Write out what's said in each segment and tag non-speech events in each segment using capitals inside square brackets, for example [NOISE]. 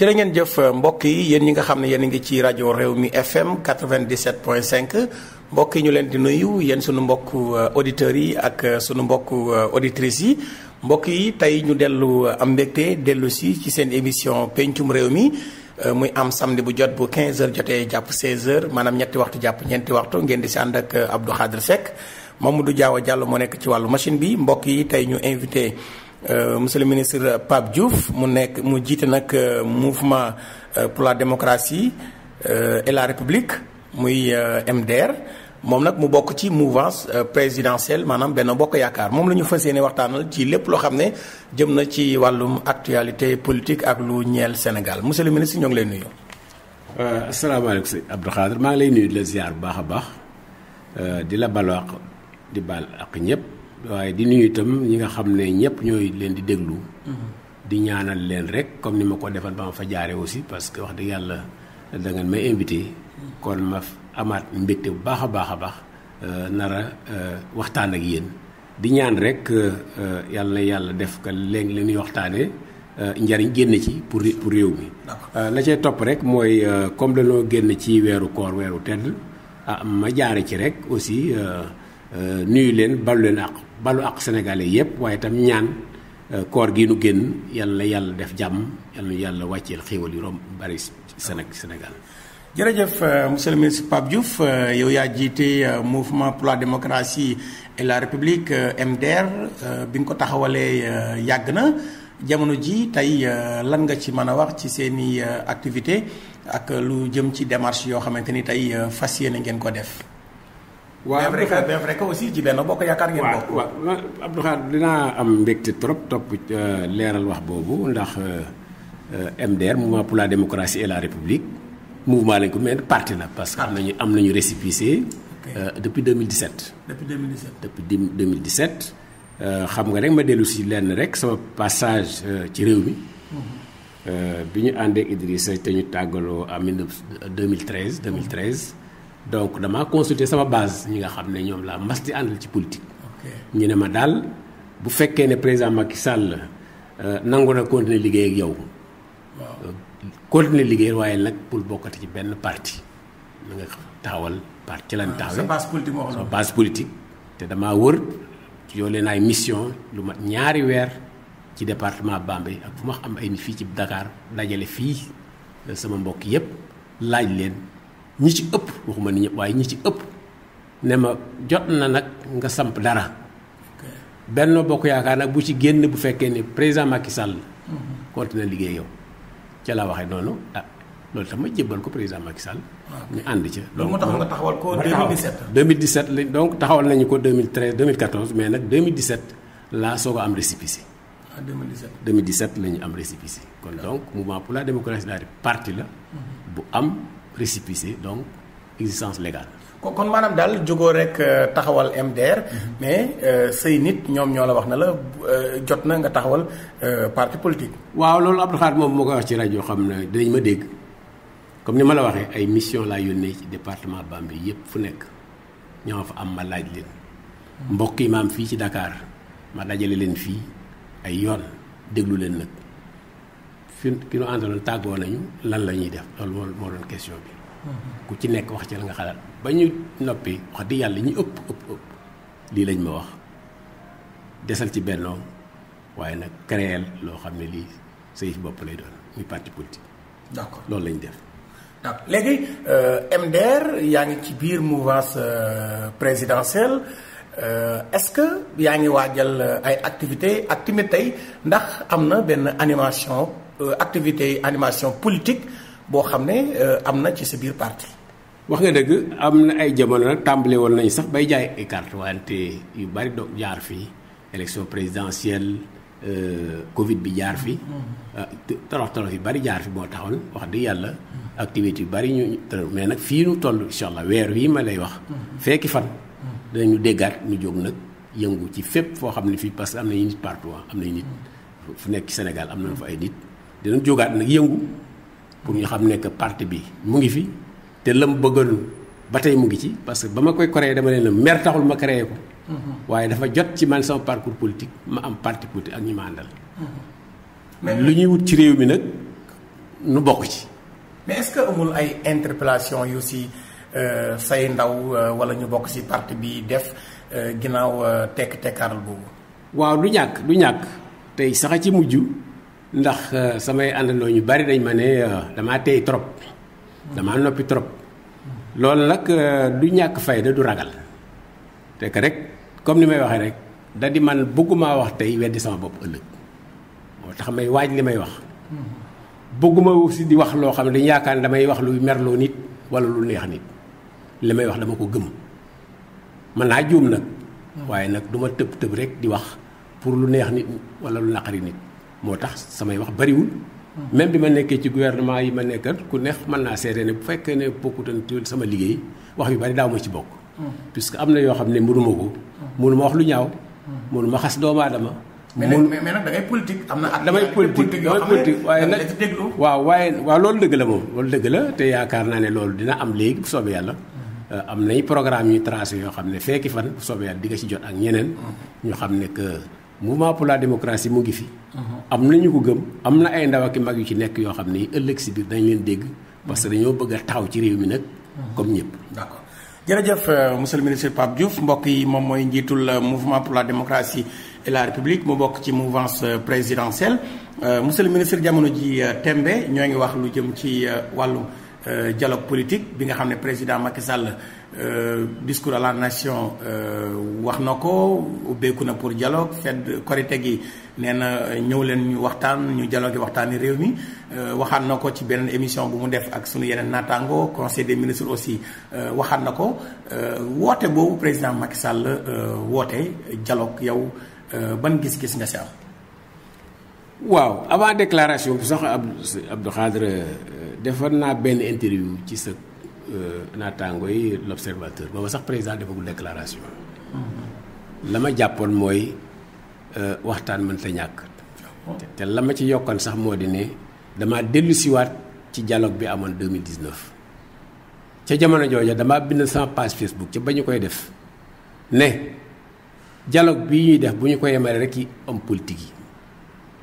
jërë ngeen jëf mbokk yi yéen ñi nga xam ne yéen a ngi ci rajo réew mi FM 97.5 mbokk yi ñu leen di nuyu yéen sunu mbokku euh, auditeurs yi ak euh, sunu mbokku euh, auditrices yi mbokk yi tey ñu dellu am mbégte dellu si ci seen émission pencum réew mi. muy am samedi bu jot bu 15h jotee jàpp 16h maanaam ñetti waxtu jàpp ñeenti waxtu ngeen di si ànd ak Abdou moom Seck Mamadou Diawa Diallo moo nekk ci wàllu machine bi mbokk yi tey ñu invité. Euh, monsieur le ministre Pape Diouf mu nekk mu jiite nag euh, mouvement euh, pour la démocratie et la république muy MDR moom nag mu bokk ci mouvance présidentielle maanaam benn bokk yaakaar moom la ñu fas yéene waxtaanal ci lépp loo xam ne jëm na ci wàllum actualité politique ak lu ñeel Sénégal monsieur le ministre ñoo ngi lay nuyu. asalaamaaleykum sëñ Abdou Khadre maa ngi lay nuyu di la ziar bu baax a baax di la baloo ak di baal ak ñëpp. waaye di nuyu itam ñi nga xam ne ñëpp ñooy leen di déglu. Mm-hmm. di ñaanal leen rek comme ni ma ko defal ba ma fa jaare aussi parce que wax dëgg yàlla da ngeen may invité. Mm-hmm. kon ma amaat mbégte bu baax a baax a baax euh, nara a euh, waxtaan ak yéen. di ñaan rek euh, yàlla na yàlla def ka léegi li ñuy waxtaanee njariñ génn ci pour pour réew mi. la cay topp rek mooy comme dañoo génn ci weeru koor weeru tedd ah ma jaare ci rek aussi nuyu leen balu leen àq. balu ak sénégalais yépp waaye tam ñaan euh, koor gi nu génn yàlla yàlla def jàmm yàlla yàlla wàcceel xéewal yu romb bari Sénégal. jërëjëf euh, monsieur le ministre Pape Diouf euh, yow yaa jiite mouvement pour la démocratie et la république MDR bi nga ko taxawalee yàgg na jamono ji tey lan nga ci mën a wax ci seeni activité ak lu jëm ci démarche yoo xamante ni tey fas yéene ngeen ko def. waaw Abdou Khadre bien vrai que aussi ci benn bokk yaakaar ngeen bokk. waa waaw Abdou Khadre dinaa am mbégte trop topp euh, leeral wax boobu ndax euh, MDR mouvement pour la démocratie et la république mouvement lañ ko mais parti la. parce que am na ñu am nañu récépissé. Euh, depuis 2017. depuis 2017 depuis 2017. xam nga rek ma dellu si lenn rek sama passage ci réew mi. Mhm. bi ñu àndee Idrissa te ñu tàggaloo am en 2013 2013. donc damaa consulter sama base ñi nga xam ne ñoom laa mas di ci politique. ñu ne ma daal bu fekkee ne président Macky Sall euh, nangu na continuer liggéey ak yow. waaw euh, continuer liggéey waaye nag pour bokkati ci benn parti na nga taxawal parti ci lañ ah, taxawee. sa base politique moo xam politique. te damaa wër ci yoo leen ay mission lu mat ñaari weer ci département Bambey ak fu ma xam ay nit fii ci dakaar dajale fii euh, sama mbokk yépp laaj leen. ñi ci ëpp waxuma ni ñëpp waaye ñi ci ëpp ne ma jot na nag nga samp dara benn Bokk Yaakaar nag bu ci génn bu fekkee ne président Macky Sall mhm. continué liggéey yow ca la waxee noonu ah loolu tax ma jébbal ko président Macky Sall. ñu ànd ca. loolu moo tax nga taxawal ko 2017. 2017 lañ donc taxawal nañu ko 2013 2014 mais nag 2017 laa soog a am récépissé. ah 2017 2017 la ñu am récépissé. kon donc mouvement pour la démocratie daal di la. Mhm. bu am. récépissé donc existence légale. kon maanaam daal jógoo rek euh, taxawal MDR. mais euh, say nit ñoom ñoo la wax na la euh, jot na nga taxawal parti politique. waaw loolu Abdou Khadre moom moo koy wax ci rajo xam ne dinañ ma dégg comme ni ma la waxee ay mission laa yónnee ci département Bambey yëpp fu nekk ñoo fa am ma laaj leen. mbokk yi ma fii ci Dakar ma dajale leen fii ay yoon déglu leen nag. fi ki ñu àndaloon tàggoo nañu lan la ñuy def loolu moo moo doon question bi. Mm-hmm. ku ci nekk wax ci la nga xalaat ba ñu noppi wax di yàlla ñu ëpp ëpp ëpp lii lañ ma wax desal ci bennoo waaye nag créer loo xam ne lii say bopp lay doon muy parti politique. d'accord loolu lañu def. d'accord ah, léegi euh, MDR yaa ngi ci biir mouvance euh, présidentielle euh, est-ce que yaa ngi waajal ay activités ak tey ndax am na benn animation. Euh, activité animation politique boo xam ne euh, am na ci sa biir parti. wax nga dëgg am na ay jamono nag tàmbale woon nañu sax bay jaay ay carte wante yu bari doog jaar fii élection présidentielle euh, Covid bi jaar fi torox torox yu bari jaar fi moo taxoon wax dëgg yàlla. activité yu bari ñu mais nag fii nu toll incha allah weer wii ma lay wax. fekki fan. danañu déggaat ñu jóg nag yëngu ci fépp foo xam ne fii parce que am nañu nit partout am nañu nit fu nekk Sénégal am nañu fa ay nit. dinañ jógaat nag yëngu pour ñu xam ne que parti bi mu ngi fi te lam bëggoon ba tey mu ngi ci parce que ba ma koy créé dama leen ne mer taxul ma créé ko. Mm-hmm. waaye dafa jot ci man sama parcours politique ma am parti politique ak ñi ma àndal. Mm-hmm. lu ñuy wut ci réew mi nag nu bokk ci. mais est-ce que amul ay interpellation yu si euh, say ndaw euh, wala ñu bokk si parti bi def euh, ginnaaw tekk tekkaaral boobu. waaw du ñàkk du ñàkk tey sax ci mujj. ndax euh, samay àndandoo ñu bari dañ ma ne euh, damaa tey trop damaa noppi trop loolu nag euh, du ñàkk fayda du ragal te que rek comme ni may waxee rek da di man bëggumaa wax tey weddi sama bopp ëllëg moo tax may waaj li may wax bëgguma aussi di wax loo xam ne dañu yaakaar ne damay wax lu merloo nit wala lu neex nit li may wax dama ko gëm mën naa juum nag hmm. waaye nag duma ma tëb tëb rek di wax pour lu neex nit wala lu naqari nit moo tax samay wax bariwul. même bi ma nekkee ci gouvernement yi ma nekkat ku neex mën naa seetee ne bu fekkee ne bokkutoon sama liggéey wax yu bari daaw ma ci bokk. que am na yoo xam ne mënuma ko. mënuma wax lu ñaaw. mënuma xas doomu aadama. mais nag da ngay am na at damay politique damay politique waaye nag waaw waaye waaw loolu dëgg la moom loolu dëgg la te yaakaar naa ne loolu dina am léegi bu soobee yàlla. am nay programme yu tracé yoo xam ne fekki fan bu soobee di nga ci jot ak ñeneen. ñu xam ne mouvement pour la démocratie mu ngi fi. Uh-huh. am na ñu ko gëm am na ay ndaw ak mag yu ci nekk yoo xam ne ëllëg si biir dañ leen dégg. parce que uh-huh. dañoo bëgg a taxaw ci réew mi nag. Uh-huh. comme ñëpp. d'accord jërëjëf euh, monsieur le ministre Pape Diouf mbokk yi moom mooy njiitul euh, mouvement pour la démocratie et la république mu bokk ci mouvance euh, présidentielle monsieur le ministre jamono ji tembe ñoo ngi wax lu jëm ci wàllu dialogue politique bi nga xam ne président Macky Sall. Euh, discours à la nation euh, wax na ko ubbeeku na pour dialogue fedd korite gi nee na ñëw leen ñu waxtaan ñu dialogue waxtaani réew mi euh, waxaat na ko ci beneen émission bu mu def ak suñu yeneen naataango conseil des ministres aussi waxaat na ko woote boobu président Macky sàll woote dialogue yow ban gis-gis nga si am waaw avant déclaration bi sax Abdou Khadre defoon naa benn interview ci sa Euh, naataango yi l' observateur booba sax président defagul déclaration. la ma jàppoon mooy euh, waxtaan mënta ñàkk. te la ma ci yokkoon sax moo di ne damaa dellu siwaat ci dialogue bi amoon 2019. ca jamono jooja damaa bind sama page Facebook ci ba ñu koy def ne dialogue bi ñuy def bu ñu ko yemale rek ci homme politique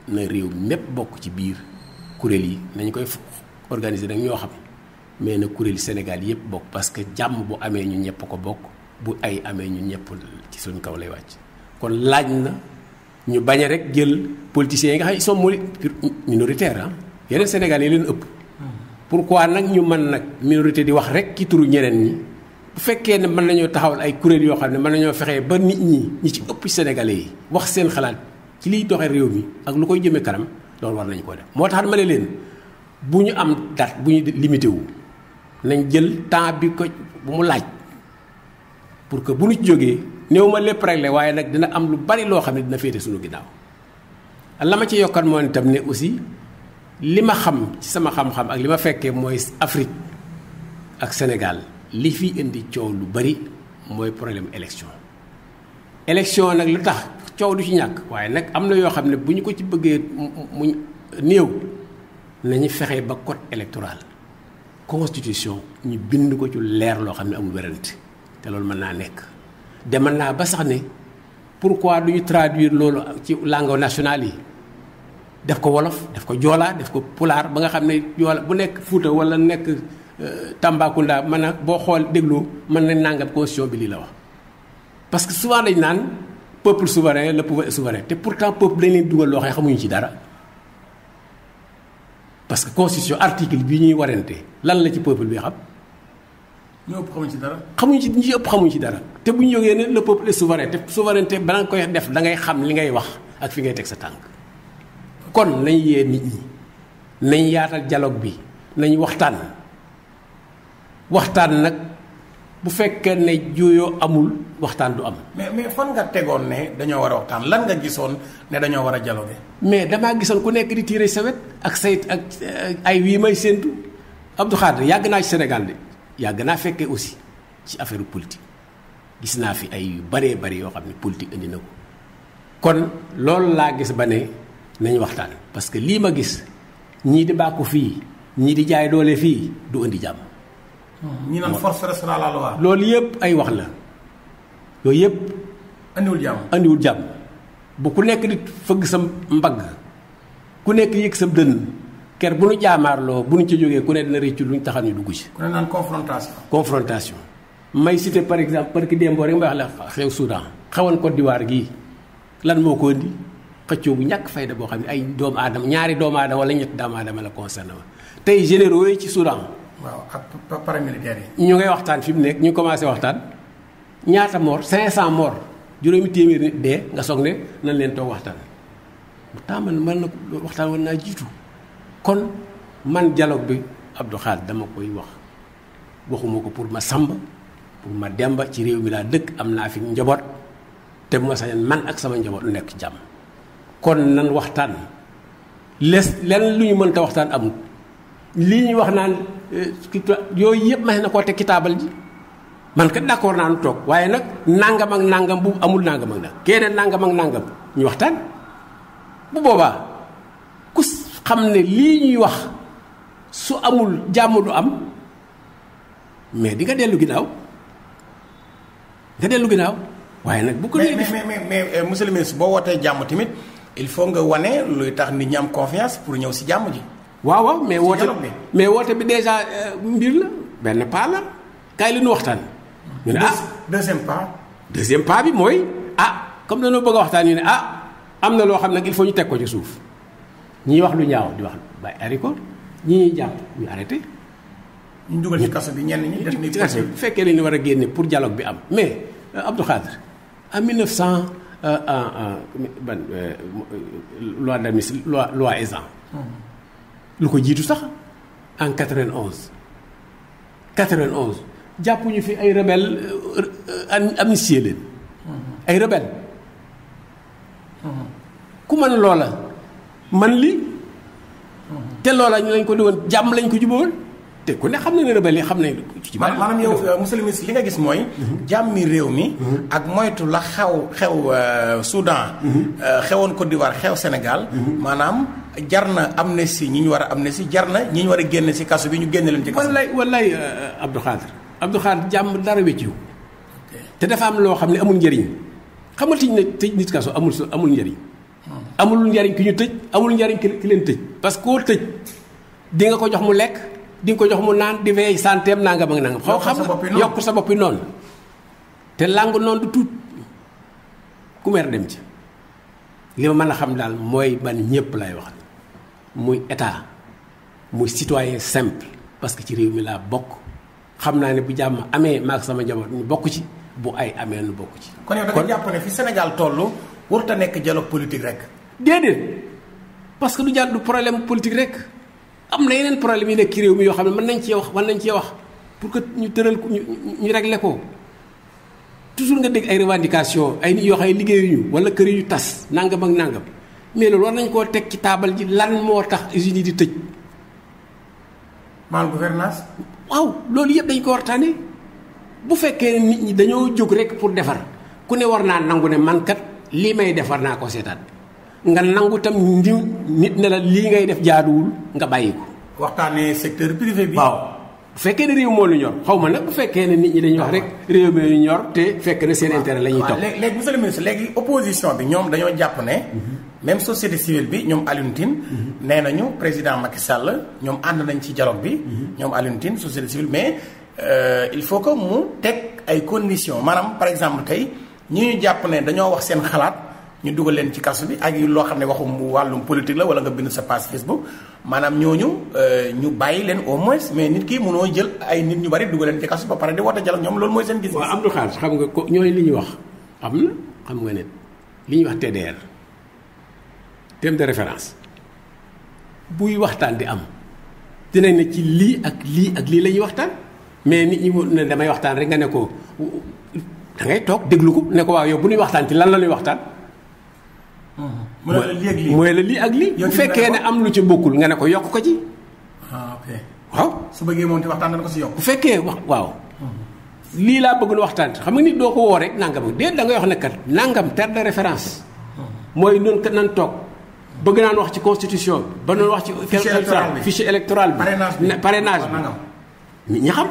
yi na réew mépp bokk ci biir kuréel yi nañ koy organiser nag ñoo xam. mais na kuréel Sénégal yëpp bokk parce que jàmm bu amee ñu ñëpp ko bokk bu ay amee ñu ñëpp ci suñ kaw lay wàcc kon laaj na ñu bañ a rek jël politiciens yi nga xam ne ils sont yeneen Sénégal yi leen ëpp pourquoi nag ñu mën nag minorité di wax rek ci turu ñeneen ñi bu fekkee ne mën nañoo taxawal ay kuréel yoo xam ne mën nañoo fexee ba nit ñi ñi ci ëpp Sénégalais yi wax seen xalaat ci liy doxee réew mi ak lu koy jëmee kanam loolu war nañu ko def moo tax ma ne leen bu ñu am date bu ñu limité wu nañ jël temps bi ko bu mu laaj pour que bu ñu jógee néew ma lépp réglé waaye nag dina am lu bari loo xam ne dina féete suñu ginnaaw la ma ci yokkat moo itam ne aussi li ma xam ci sama xam-xam ak li ma fekkee mooy Afrique ak Sénégal li fi indi coow lu bari mooy problème élection élection nag lu tax coow du ci ñàkk waaye nag am na yoo xam ne bu ñu ko ci bëggee mu néew nañu fexe ba code électoral constitution ñu bind ko ci leer loo xam ne amul werante te loolu mën naa nekk demal naa ba sax ne pourquoi du ñu traduire loolu ci langue nationale yi def ko wolof def ko joolaa def ko pulaar ba nga xam ne joola bu nekk Fuuta wala nekk euh, Tambacounda mën a boo xool déglu mën na nangam constitution bi lii la wax parce que souvent dañ naan peuple souverain le pouvoir est souverain te pourtant peuple dañ leen dugal loo xam xamuñu ci dara parce que constitution article bi ñuy warante lan la ci peuple bi xam. ñu ëpp xamuñ ci dara. xamuñ ci ñu ëpp xamuñ ci dara te bu ñu yogee ne le peuple est souverain te ba balaa nga koy def dangay xam li ngay wax ak fi ngay teg sa tànk. kon nañ yee nit ñi nañ yaatal dialogue bi nañ waxtaan waxtaan nag. bu fekkee ne juyoo amul waxtaan du am. mais mais fan nga tegoon ne dañoo war a waxtaan lan nga gisoon ne dañoo war a dialogué. mais damaa gisoon ku nekk di tiire sawet ak sayt ak eh, ay wii may séentu Abdou Khadre yàgg naa ci Sénégal de yàgg naa fekkee aussi ci affaire politique gis naa fi ay yu baree bari yoo xam ne politique indi na ko kon loolu laa gis ba ne nañ waxtaan parce que lii ma gis ñii di bàkku fii ñii di jaay doole fii du indi jàmm. ñi naan force restera loolu yëpp ay wax la yooyu yëpp. andiwul jàmm andiwul jàmm bu ku nekk di fëgg sa mbagg ku nekk yëg sa dënn ker bu nu jaamaarloo bu nu ci jógee ku ne dina rëccu lu ñu taxaw ni dugg ci. ku ne naan confrontation. confrontation may cité par exemple parce que démb rek ma wax la xew Soudan. xawoon Côte d'Ivoire gii lan moo ko indi xëccoo bu ñàkk fayda boo xam ne ay doomu aadama ñaari doomu aadama wala ñetti doomu aadama la concerné tey généraux yi ci Soudan. waaw ak paramilitaires yi. ñu ngay waxtaan fi mu nekk ñu commencé waxtaan ñaata mort 500 mort juróomi téeméer nit dee nga soog ne nan leen toog waxtaan bu tàmbal man na waxtaan war naa jiitu kon man dialogue bi Abdou Khadre dama koy wax waxuma ko pour ma sàmb pour ma demba ci réew mi laa dëkk am naa fi njaboot te bu ma sañoon man ak sama njaboot nekk jàmm kon nan waxtaan les lenn lu ñu mënta waxtaan amul lii ñu wax naan. yooyu yëpp ma na koo teg ci taabal ji man kat d'accord naa nu toog waaye nag nangam ak nangam bu amul nangam ak nangam keneen nangam ak nangam ñu waxtaan bu boobaa ku xam ne lii ñuy wax su amul jàmm du am mais di nga dellu ginnaaw nga dellu ginnaaw waaye nag. bu ko mais mais mais euh, monsieur le ministre boo wootee jàmm tamit il faut nga wane luy tax nit ñam am confiance pour ñëw si jàmm ji. waaw waaw mais woote mais woote bi déjà euh, mbir la benn pas la kaay li ñu waxtaan. ñu ne ah deuxième pas. deuxième pas bi mooy ah comme dañoo bëgg a waxtaan yu ne ah am na loo xam nag il faut ñu teg ko ci suuf ñiy wax lu ñaaw di wax bàyyi ari ko ñi ñuy jàpp ñu arrêté. ñu dugal ci kaso bi ñenn ñi def ni kaso bi fekkee ne ñu war a génne pour dialogue bi am mais euh, Abdou Khadre en 1900 euh, ban loi d'amnistie loi loi Ezzan. lu ko jiitu sax en 91 91 jàppuñu fi ay rebelle euh, euh, amnistié leen mm-hmm. ay rebelle mm-hmm. ku mën loola man li mm-hmm. te loola ñu lañ ko di woon jàmm lañ ko jubóol te ku ne xam na ne rebelle yi xam nañ. ci maanaam yow monsieur le ministre li nga gis mooy. jàmmi réew mi. Mhm. ak moytu la xew xew euh, Soudan. Mhm. Euh, xewoon Côte d'Ivoire xew senegal mhm. maanaam jar na amnistie ñi ñu war a amnistie jar na ñi ñu war a génn si kaso bi ñu génne leen ci kaso. wallaay wallaay euh, Abdou Khadir Abdou Khadir jàmm dara wéccu te dafa am loo xam ne amul njëriñ xamatiñ ne tëj nit kaso amul amul njëriñ. Hmm. amul njëriñ ki ñu tëj amul njariñ ki leen tëj. parce que koo tëj di nga ko jox mu lekk. di ko jox mu naan di veey santeem nangam ak nangam. xaw xam yokk sa boppi noonu te làngu noonu du tuut ku mer dem ci li ma mën a xam daal mooy ban ñëpp lay wax muy état mu citoyen simple parce que ci réew mi laa bokk xam naa ne bu jàmm amee maak sama njaboot ñu bokk ci bu ay amee nu bokk ci. kon yow da nga jàpp ne fi Sénégal toll warut a nekk dialogue politique rek. déedéet parce que du jàll du problème politique rek. am na yeneen problème yi nekk ci réew mi yoo xam ne mën nañ cee wax mën nañ cee wax pour que ñu tëral ko ñu ñu regle ko toujours nga dégg ay revendication ay nit yoo xam liggéeyuñu wala kër yu tas nangam ak nàngam mais loolu war nañ koo teg ci taabal ji lan moo tax usines yi di tëj. mal gouvernance waaw loolu yëpp dañ ko waxtaanee bu fekkee nit ñi dañoo jóg rek pour defar ku ne war naa nangu ne man lii may defar naa ko seetaan. nga nangu tam ndi nit ne la lii ngay def jaaduwul nga bàyyi ko. waxtaanee secteur privé bi. waaw bu fekkee ne réew moo lu ñor xaw ma nag bu fekkee ne nit ñi dañuy wax rek réew mi lu ñor te fekk ne seen intérêt la ñuy topp. léegi léegi monsieur le ministre léegi opposition bi ñoom dañoo jàpp ne. Mhm. même société civile bi ñoom Alioune Tine. Mhm. nee nañu président Macky Sall ñoom ànd nañ ci dialogue bi. Mhm. ñoom allentine Tine société civile mais euh, il faut que mu teg ay conditions maanaam par exemple kay ñi ñu jàpp ne dañoo wax seen xalaat. ñu dugal leen ci kaso bi ak yu loo xam ne waxum wàllum politique la wala nga bind sa page Facebook maanaam ñooñu euh, ñu bàyyi leen au moins mais nit kii mënoo jël ay nit ñu bari dugal leen ci kaso ba pare di woote jàll ñoom loolu mooy seen ko ñooy li ñu wax am na xam nga ne li ñuy wax TDR thème de buy waxtaan di am dinañ ne ci lii ak lii ak lii la ñuy waxtaan mais nit ñi ne damay waxtaan rek nga ne ko da ngay toog déglu ko ne ko waaw yow bu ñuy waxtaan ci lan la ñuy waxtaan. mooy la lii ak lii bu fekkee ne am lu ci bokkul nga ne ko yokk ko ci ah, waaw su bëggee moom te waxtaan ko si yokk bu fekkee wax waaw lii laa bëgg nu waxtaan xam nga nit doo ko woo rek nangam déet da ngay wax ne kat nangam terme de référence mooy noonu kat nan toog bëgg naan wax ci constitution bi ba noonu wax ci fichier électoral bi parrainage bi ñi xam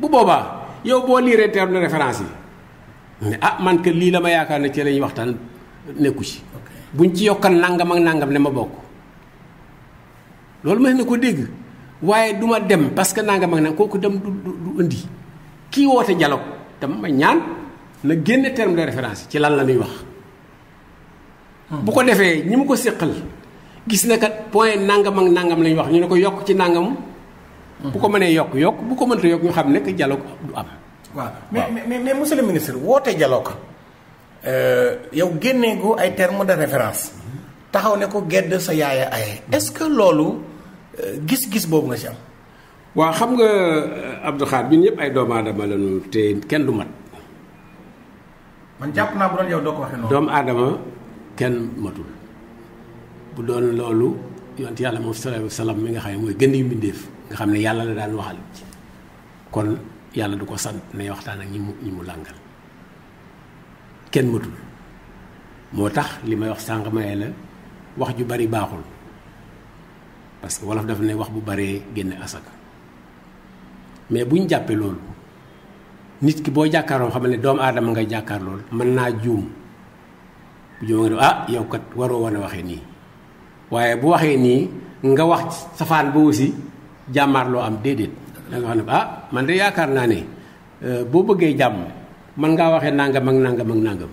bu boobaa yow boo liiree terme de référence yi ne ah man kat lii la ma yaakaar ne ci la ñuy waxtaan nekku ci buñ ci yokkal nangam ak nangam ne ma bokk loolu mën na ko dégg waaye duma dem parce que nangam ak nangam kooku dem du du indi kii woote dialogue tam ma ñaan na génne terme de référence ci lan la muy wax bu ko defee ñi mu ko séqal gis na kat point nangam ak nangam lañu wax ñu ne ko yokk ci nangam bu ko mënee yokk yokk bu ko mënta yokk ñu xam ne que ko du am waaw mais mais mais monsieur le ministre woote dialogue Euh, yow génneegu ay termes de référence taxaw ne ko gedd sa yaay ay aye ce que loolu euh, gis-gis boobu nga ci am. waaw xam nga euh, Abdou Khadre bi ñëpp ay doomu aadama lañu te kenn du mat. man jàpp naa bu doon yow doo ko waxee noonu. doomu aadama kenn matul bu doon loolu yonent yàlla moom sallallahu alayhi wa sallam mi nga xam ne mooy gën yu mbindeef nga xam ne yàlla la daal waxal kon yàlla du ko sant nay waxtaan ak ñi mu ñi mu làngal. kenn matul moo tax li may wax sànq maye la wax ju bari baaxul parce que wolof dafa ne wax bu baree génne asaka mais bu ñu jàppee loolu nit ki boo jàkkaaroo xam ne doomu aadama ngay jàkkaar loolu mën naa juum bu juum nga def ah yow kat waroo woon a waxee nii waaye bu waxee nii nga wax safaan ba aussi jàmmaar am déedéet da nga xam ne ah man de yaakaar naa ne euh, boo bëggee jàmm man ngaa waxee nangam ak nangam ak nangam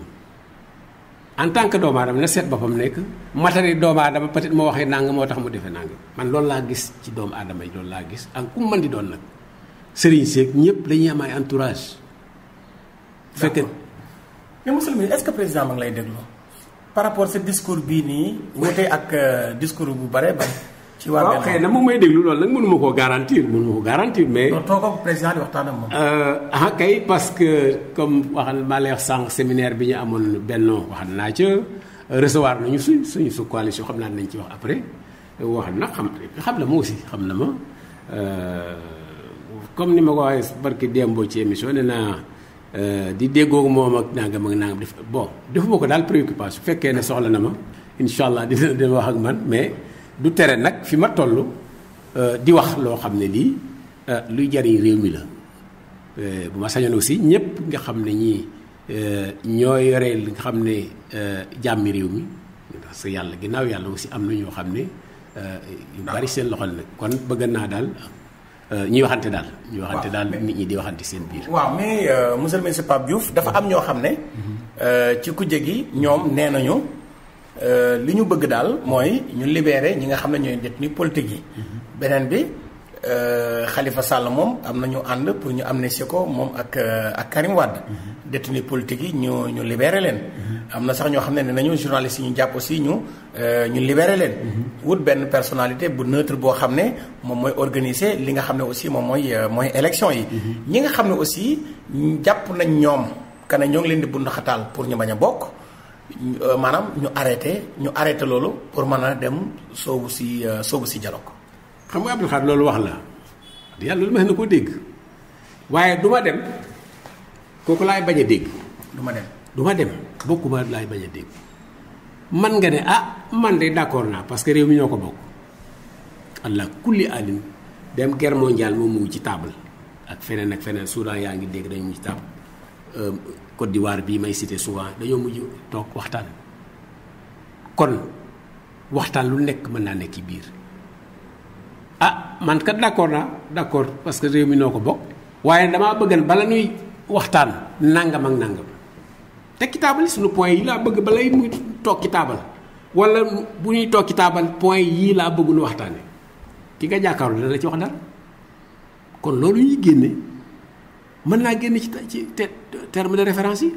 en tant que doomu aadama na seet boppam nekk matari doomu aadama peut-être moo waxee nangam moo tax mu defee nangam man loolu laa gis ci doomu aadama yi loolu laa gis ak ku man di doon nag sëriñ seeg ñëpp dañuy am ay entourage. bu fekkee mais Mousselou est-ce que président ma ngi lay déglu par rapport sa discours bii nii. wute ak euh, discours bu bare ba ci waa benn xëy na moom may déglu loolu nag mënuma koo garantir mënuma ko garantir mais. non toog ak président euh, ah kay parce que comme waxal maa lay sànq séminaire bi ñu amoon bennoo wax naa ca recevoir ñu suñ suñu su coalition xam naa nañ ci wax après wax na xam xam na ma aussi xam na ma euh, comme ni ma ko waxee barki démb ci émission nee naa. Euh, di déggoo moom ak nangam ak nangam def bon defuma ko daal préoccupation su fekkee ne soxla na ma incha allah dina dina wax ak man mais. du tere nag fi ma toll euh, di wax loo xam ne lii euh, luy jariñ réew mi la euh, bu ma sañal aussi ñëpp nga xam ne ñii ñoo yore li nga xam ne jàmmi réew mi parce que yàlla ginnaaw yàlla aussi am na ñoo xam ne yu bari seen loxol nag kon bëgg naa daal ñuy waxante daal. ñuy waxante daal nit ñi di waxante seen biir. waaw mais monsieur le ministre Pape dafa am ñoo xam ne. Mhm. ci kujje gi ñoom nee nañu. Euh, li ñu bëgg daal mooy ñu libéré ñi nga xam ne ñooy détenu politique yi. Mhm. beneen bi xalifa euh, Sall moom am na ñu ànd pour ñu amnistie ko moom ak euh, ak Karim Wade. Mhm. détenu politique yi ñu ñu libéré leen. Mhm. am na sax ñoo xam ne ne nañu journaliste yi ñu jàpp aussi ñu ñu libéré leen. wut benn personnalité bu neutre boo xam ne moom mooy organiser li nga xam ne aussi moom mooy mooy élection yi. ñi nga xam ne aussi jàpp nañ ñoom kana ñoo ngi leen di bundaxataal pour ñu bañ a bokk. Euh, maanaam ñu arrêté ñu arrêté loolu pour mën a dem soobu si euh, soobu si ko xam nga Abdou Khadre loolu wax la yàlla lu ma na koo dégg waaye du ma dem kooku laay bañ a dégg. du ma dem du ma dem bokkuma laay bañ a dégg man nga ne ah man de d'accord naa parce que réew mi ñoo ko bokk. allah kulli alin dem guerre mondiale moom mu ci table ak feneen ak feneen Soudan yaa ngi dégg dañu mu ci table. Euh, Côte d'Ivoire bii may cité souvent dañoo mujj toog waxtaan kon waxtaan lu nekk mën naa nekk ci biir ah man kat d'accord naa d'accord parce que réew mi noo ko bokk waaye damaa bëggan bala nuy waxtaan nangam ak nangam te kitaabal suñu point yi laa bëgg balay muy toog ci taabal wala bu ñuy toog ci taabal point yii laa bëgg nu waxtaane ki nga jàkkaaru dana la ci wax dara kon loolu ñuy génne mën naa génn ci ci terme de référence yi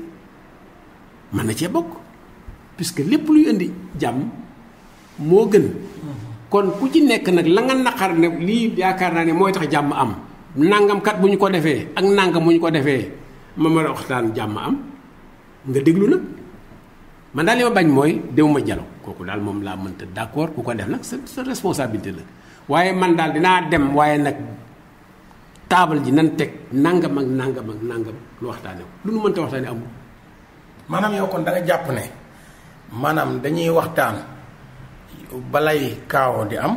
mën na cee bokk puisque lépp luy indi jàmm moo gën kon ku ci nekk nag la nga naqar ne lii yaakaar naa ne mooy tax jàmm am nangam bu ñu ko defee ak nangam bu ñu ko defee ma mën a waxtaan jàmm am nga déglu nag man daal li ma bañ mooy demuma jalo kooku daal moom laa mënta d'accord ku ko def nag sa sa responsabilité la waaye man daal dinaa dem waaye nag taabal ji nan teg nangam ak nangam ak nangam lu waxtaane lu nu mënta waxtaane amul. maanaam yow kon da jàpp ne maanaam dañuy waxtaan balay kaawoo di am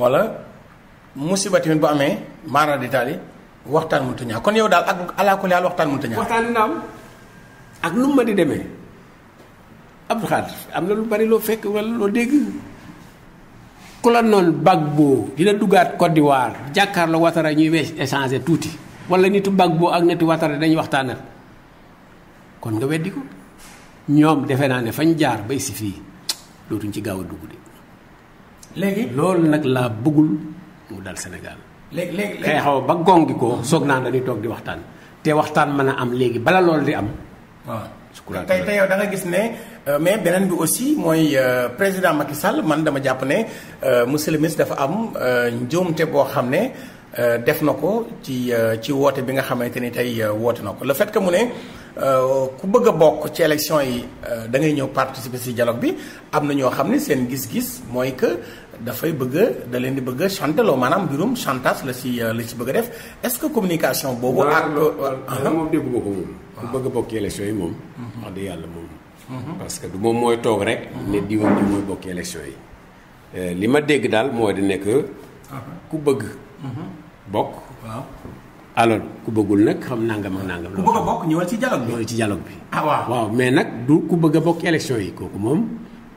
wala musiba tamit bu amee maanaam di taal waxtaan mënta ñaaw kon yow daal ak alaakulli aal waxtaan mënta ñaaw. waxtaan dina am ak nu ma di demee Abdou Khadre am na lu bari loo fekk wala loo dégg. ku la noonu Gbagbo dina duggaat Côte d'Ivoire jàkkaarloo Ouattara ñuy wees échanger tuuti wala nitu boo ak nitu Ouattara dañuy waxtaanal kon nga weddi ko ñoom defe naa ne fañ jaar bay si fii dootuñ ci gaaw a dugg loolu nag laa bëggul mu dal Sénégal. léegi léegi xeexoo ba gongi ko soog naa dañuy toog di waxtaan te waxtaan mën a am léegi bala loolu di am. waaw. tey tey yow da gis ne euh, mais beneen bi aussi mooy euh, président Macky Sall man dama jàpp ne euh, monsieur le ministre dafa am njuumte boo xam ne def na ko ci ci woote bi nga xamante ni tey woote na ko le fait mu ne ku bëgg bokk ci élection yi da ngay ñëw participer si dialogue bi am na ñoo xam ne seen gis-gis mooy que dafay bëgg a da leen di bëgg a chanteloo maanaam mbirum chantage la si la si bëgg def est-ce que communication boobu ak ah, moom dégg nga ko moom ku bëgg a bokk élection yi moom. wax yàlla moom. parce que du moom mooy toog rek. ne di woon di li ma dégg daal mooy di nekk ku bëgg. bokk. waaw ku bëggul nag xam nangam ak nangam. ku bëgg a bokk ñëwal ci ci dialogue bi. ah mais nag du ku bëgg a yi kooku moom.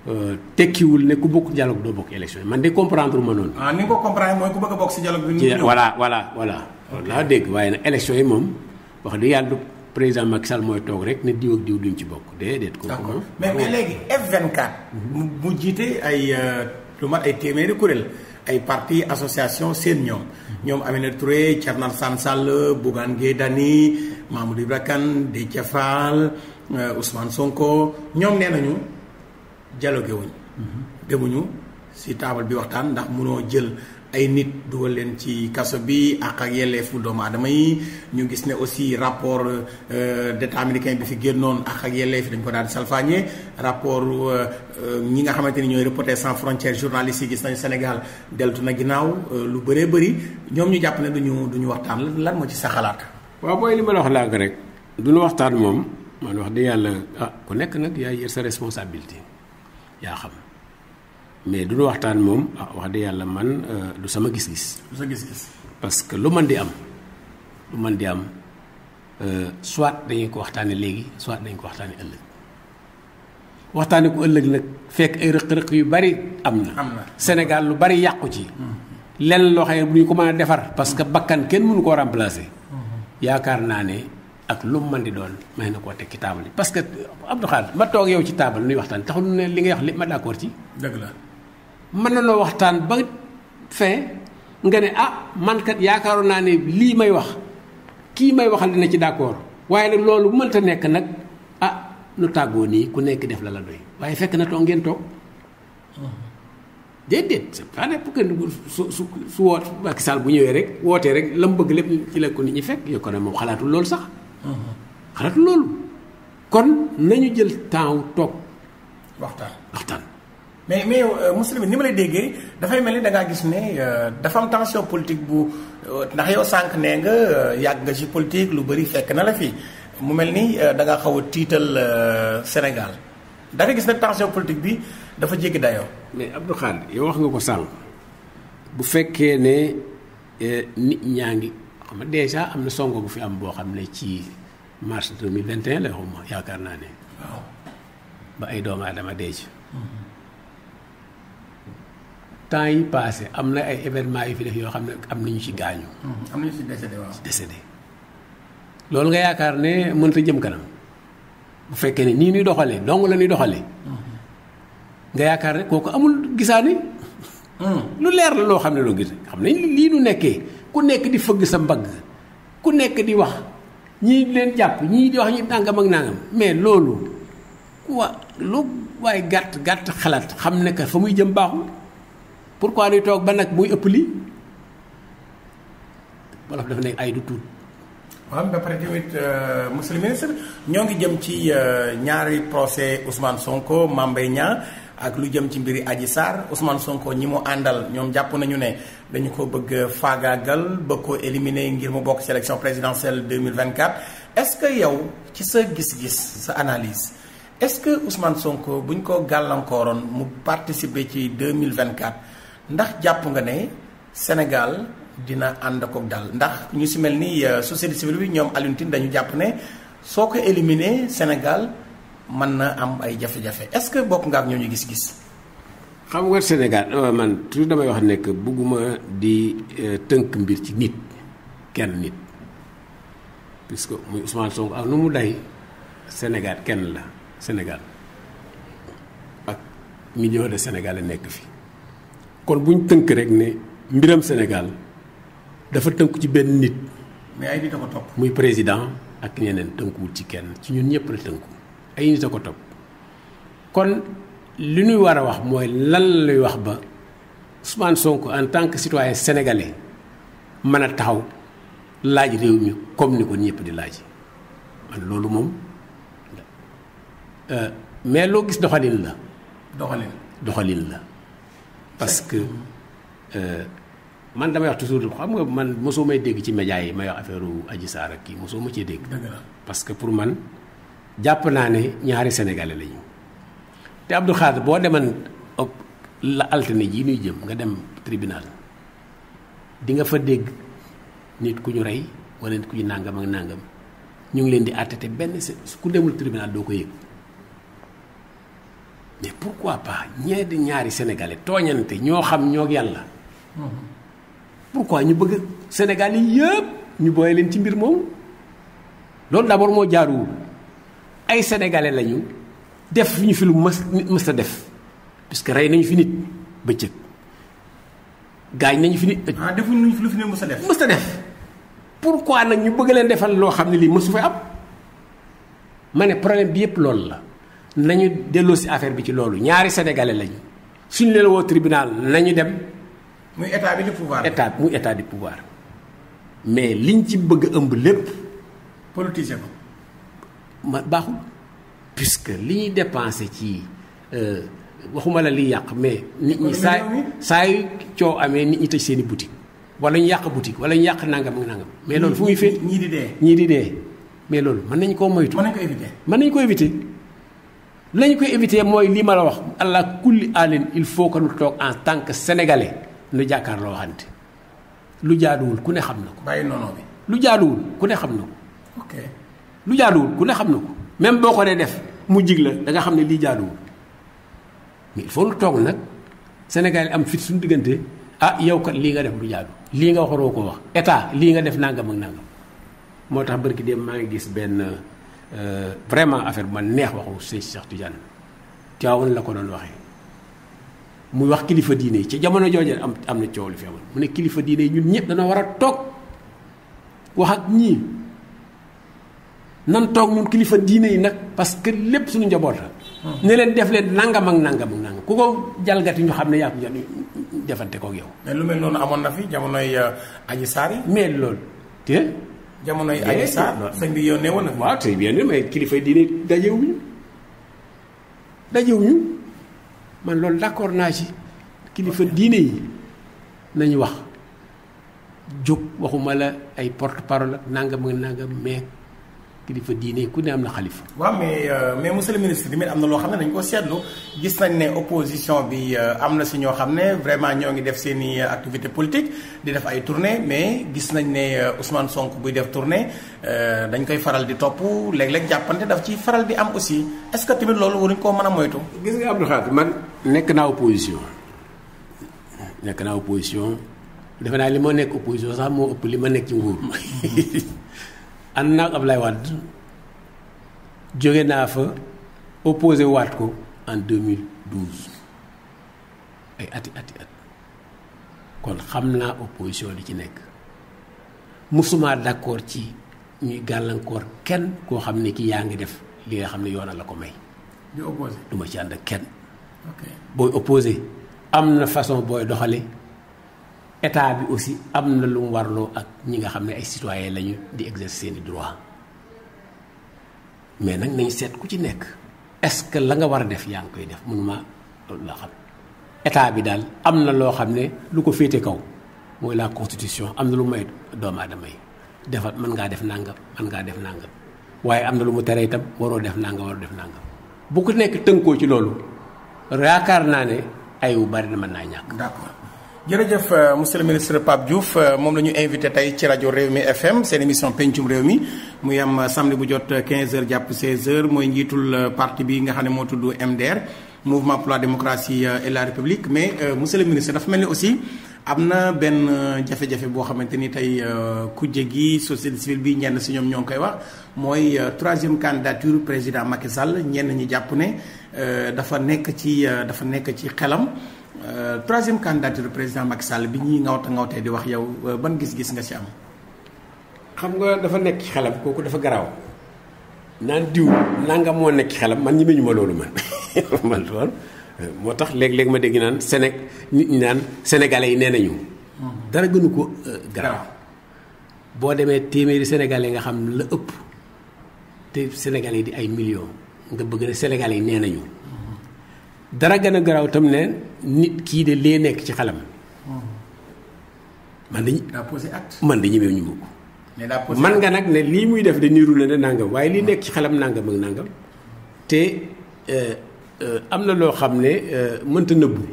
Euh, tekkiwul ne ku bokk dialogue doo bokk élection man de comprendre ma noonu. ah ni nga ko comprendre mooy ku bëgg a bokk si dialogue bi. voilà voilà voilà. laa dégg waaye nag élection yi moom wax dëgg yàlla président Macky Sall mooy toog rek ne diw ak diw duñ ci bokk de ko ko mais mais léegi F24. mu jiite ay euh, lu ay téeméeri kuréel ay partie association seen ñoom. ñoom Aminata Touré Thierno Alassane Sall Bougane Gueye Dany Mamadou Ibra Kane Déthié Fall euh, Ousmane Sonko ñoom nee nañu dialogué wuñ. demuñu mhm. si taabal bi waxtaan ndax munoo jël. ay nit dugal leen ci kaso bi ak ak yelleefu doomu aadama yi ñu gis ne aussi rapport euh, d'état américain bi fi génnoon ak ak yelleef dañ ko daal di salfaañe rapport euh, ñi nga xamante ni ñooy Reporters sans frontières journalistes yi gis nañu Sénégal deltu na ginnaaw euh, lu bëree bëri ñoom ñu jàpp ne duñu duñu waxtaan lan moo ci sa xalaat. waaw booy li ma la wax laag rek du lu waxtaan moom man wax dëgg yàlla ah ku nekk nag yaa yër sa responsabilité yaa xam. mais du ñu waxtaan moom ah, wax dëgg yàlla man euh, du sama gis-gis. du gis parce que lu man di am lu man di am euh, soit dañu ko waxtaanee léegi soit dañu ko waxtaanee ëllëg waxtaanee ko ëllëg nag fekk ay rëq-rëq yu bari am na. am na Sénégal lu bari yàqu ci. Mm-hmm. lenn loo xam ne ko mën a defar. parce que bakkan kenn mënu koo remplacer. Mm-hmm. yaakaar naa ne ak lu mu mën di doon may na koo teg ci taabal yi parce que Abdou Khadre ma toog yow ci taabal nuy waxtaan taxul ne li nga wax lépp ma d'accord ci. la. mën na noo waxtaan ba fin nga ne ah man yaakaaroon naa ne lii may wax kii may waxal dina ci d'accord waaye nag loolu bu mënta nekk nag ah nu tàggoo nii ku nekk def la la doy waaye fekk na toog ngeen toog déedéet su su su woot Macky Sall bu ñëwee rek wootee rek la mu bëgg lépp ci la ko nit ñi fekk yoo ko ne moom xalaatul loolu sax xalaatul loolu kon nañu jël temps toog waxtaan waxtaan mais mais euh, Mouslim ni ma lay déggee dafay mel ni dangaa gis ne euh, dafa am tension politique bu euh, ndax yow sànq nee nga yàgg nga ci politique lu bëri fekk na la fi mu mel ni danga nga xaw a tiital Sénégal da nga gis ne tension politique bi dafa jéggi dayoo. mais Abdou Khadre yow wax nga ko sànq bu fekkee ne nit ñaa ngi xam nga déjà am na songo bu fi am boo xam ne ci mars 2021 la xaw ma yaakaar naa ne. waaw ba ay doomu aadama dee temps yi passé am na ay événements yu fi def yoo xam ne am na ñu ci gaañu. Hmm. am nañu ci décédé loolu nga yaakaar ne mën mënta jëm kanam bu fekkee ne nii ñuy doxalee dong la ñuy doxalee. Hmm. nga yaakaar ne kooku amul gisaani. Hmm. lu leer la loo xam ne loo gis xam ne lii nu nekkee ku nekk di fëgg sa mbagg ku nekk di wax ñii leen jàpp ñii di wax ñu nangam ak nangam mais loolu wa waaye gàtt gàtt xalaat xam ne que fa muy jëm baaxul. pourquoi ñuy toog ba nag muy ëpp lii wolof dafa ay du tuut. waaw ba pare tamit euh, ministre ñoo ngi jëm ci euh, ñaari procès Ousmane Sonko Mame Mbaye Niang ak lu jëm ci mbiri Adji Sarr Ousmane Sonko ñi mu àndal ñoom jàpp nañu ne dañu ko bëgg faagaagal bëgg ko éliminer ngir mu bokk ci élection présidentielle 2024 est-ce que yow ci sa gis-gis sa analyse est-ce que Ousmane Sonko buñ ko gàllankooroon mu participer ci mille vingt 2024 ndax jàpp nga ne Sénégal dina ànd ak ko daal ndax ñu si mel ni euh, société civile bi ñoom Alioune dañu jàpp ne soo ko éliminer senegal mën na am ay jafe-jafe est-ce que bokk nga ak ñoo ñu gis-gis. xam nga Sénégal euh, man toujours damay wax nekk bëgguma di euh, tënk mbir ci nit kenn nit puisque muy Ousmane Sonko ak nu mu day Sénégal kenn la Sénégal ak millions de Sénégalais nekk fi. kon bu ñu tënk rek ne mbiram Sénégal dafa tënku ci benn nit. mais ay nit a ko topp. muy président ak ñeneen tënkuwul ci kenn ci ñun ñëpp la tënku ay nit a ko topp kon li ñuy war a wax mooy lan lay wax ba Ousmane sonk en tant que citoyen sénégalais mën a taxaw laaj réew mi comme ni ko ñëpp di laaj man loolu moom euh, mais loo gis doxalin la. doxalin doxalin la. parce que euh, man damay wax toujours xam nga man mosoo may dégg ci médias yi may wax affaire aji Sarr ak kii mosoo ma cee dégg. parce que pour man jàpp naa ne ñaari sénégalais lañu te Abdou Khadre boo deman la altine ji ñuy jëm nga dem tribunal di nga fa dégg nit ku ñu rey wala nit ku ñu nàngam ak nàngam ñu ngi leen di àtte te benn ku demul tribunal doo ko yëg. mais pourquoi pas ñee di ñaari sénégalais tooñante ñoo xam ñoo yàlla. pourquoi ñu bëgg Sénégal yi yëpp ñu booyee leen ci mbir moom loolu d'abord moo jaaru ay sénégalais lañu def ñu fi lu mës nit mës a def puisque rey nañu fi nit bëccëg gaañ nañu fi nit. ah defuñu lu mës a def. mës a def pourquoi nag ñu bëgg leen defal loo xam ne lii mësu fa am ma ne problème bi yëpp loolu la. nañu delloo si affaire bi ci loolu ñaari sénégalais lañu suñu leen woo tribunal nañu dem. muy état bi di pouvoir état muy état di pouvoir mais liñ ci bëgg ëmb lépp. politiser ko. ma baaxul. puisque li ñuy dépensé ci euh, waxuma la liy yàq mais. nit ñi saa saa yu coow amee nit ñi tëj seen i boutique wala ñu yàq boutique wala ñu yàq nangam ak nangam. mais loolu fu muy féet ñii di dee ñii di dee. mais loolu mën nañ koo moytu mën nañu ko éviter mën nañ ko éviter. lañu koy éviter mooy lii ma la wax allah kulli alin il faut que nu toog en tant que sénégalais nu jàkkaarloo waxante lu jaaduwul ku ne xam na ko. bàyyi noonu lu jaaduwul ku ne xam na ko. ok lu jaaduwul ku ne xam na même boo ko dee def mu jig la danga xam ne lii jaaduwul mais il faut nu toog nag sénégalais am fit suñu diggante ah yow kat lii nga def lu jaadu lii nga waxaroo ko wax état lii nga def nangam ak nangam moo tax barki dem maa ngi gis benn. Euh, vraiment affaire bu ma neex waxu sëñ Cheikh Tidiane Tiwaawan la ko doon waxee muy wax kilifa diine yi ci jamono jooju am am na coow li fi mu ne kilifa diine yi ñun ñëpp dana war toog wax ak nan toog ñun kilifa diine yi nag parce que lépp suñu njaboot la. Hmm. leen def leen nangam ak nangam ak nangam ku ko jalgati ñu xam ne yaa ngi defante koog yow. mais lu mel noonu amoon na fi jamonoy euh, Adji Sarr. mais lool te. jamono yi Adji Sarr sëñ bi yónnee woon na. waaw très bien mais kilifa diine dajewuñu dajewuñu man loolu d'accord naa ci kilifa diine yi nañu wax jóg waxuma la ay porte-parole nangam ak nangam mais. kilifa diine ku ne am na xalifa. waaw mais euh, mais monsieur le ministre tamit am na loo xam ne dañu ko seetlu gis nañ ne opposition bi euh, am na si ñoo xam ne vraiment ñoo ngi def seen euh, activité politique di def ay tournée mais gis nañ ne Ousmane Sonko buy def tournée dañ koy faral di topp léeg-léeg jàppante daf ci faral di am aussi est-ce que tamit loolu waruñ koo mën a moytu. gis nga Abdou Khadre man nekk naa opposition nekk naa opposition defe naa li nekk opposition sax moo ëpp li nekk ci [LAUGHS] ànd naa ab lay Wade jóge naa fa opposé waat ko en 2012 ay ati ati at kon xam naa opposition li ci nekk musuma d'accord ci ñuy gàllankoor kenn koo xam ne kii yaa ngi def li nga xam ne yoona la ko may. di opposé ma ci kenn. booy opposé am na façon booy doxale état bi aussi am na lu mu warloo ak ñi nga xam ne ay citoyen lañu di exercer seeni droit mais nag nañ seet ku ci nekk est-ce que la nga war a def yaa ngi koy def mënuma loolu laa xam état bi daal am na loo xam ne lu ko féete kaw mooy la constitution am na lu may doomu aadama yi defar mën ngaa def nangam mën ngaa def nangam waaye am na lu mu tere itam waroo def nangam waroo def nangam bu ko nekk tënkoo ci loolu yaakaar naa ne ay wu bari na mën naa ñàkk. jërëjëf euh, monsieur le ministre Pape Diouf euh, moom la ñu invité tey ci rajo Rewmi FM seen émission pencum réew mi mu am euh, samedi bu jot quinze h jàpp 16h mooy njiitul parti bi nga xam ne moo tudd MDR mouvement pour la démocratie et la république mais monsieur le ministre dafa mel ni aussi am na benn jafe-jafe boo xamante ni tey kujje gi société civile bi ñenn si ñoom ñoo ngi koy wax mooy troisième candidature président Macky Sall ñenn ñi jàpp ne dafa nekk ci dafa nekk ci xelam. Euh, troisième candidature président Macky Sall bi ñuy ngawta ngawtee di wax yow euh, ban gis-gis nga ci am. xam nga dafa nekk xelam kooku dafa garaaw naan diw nangam moo nekk xelam man ñi meñu ma loolu man [LAUGHS] man lool euh, moo tax léeg-léeg ma dégg naan seneg nit ñi naan sénégalais yi nee nañu. Mm-hmm. dara gënu ko garaaw. boo demee téeméeri sénégalais nga xam la ëpp te yi di ay millions nga bëgg ne sénégalais yi nee nañu. Mm-hmm. dara gën a garaaw tam ne nit kii de lee nekk ci xalam. man dañuy. daa man dañu ñëwee ñu mën man nga nag ne lii muy def de niiru la ne nangam waaye lii hmm. nekk ci xalam nangam ak nangam te euh, euh, am na loo xam ne euh, mënta nëbbu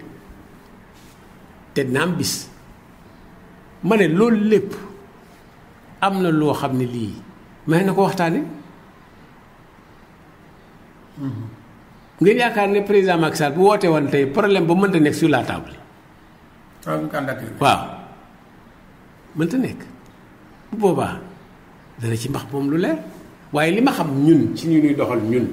te naam bis ma ne loolu lépp am na loo xam ne lii may na ko waxtaane hmm. ngeen yaakaar ne président Macky Sall bu wootee woon tey problème ba mënta nekk sur la table. problème waaw mënta nekk bu boobaa dana ci mbax moom lu leer waaye li ma xam ñun ci ñu ñuy doxal ñun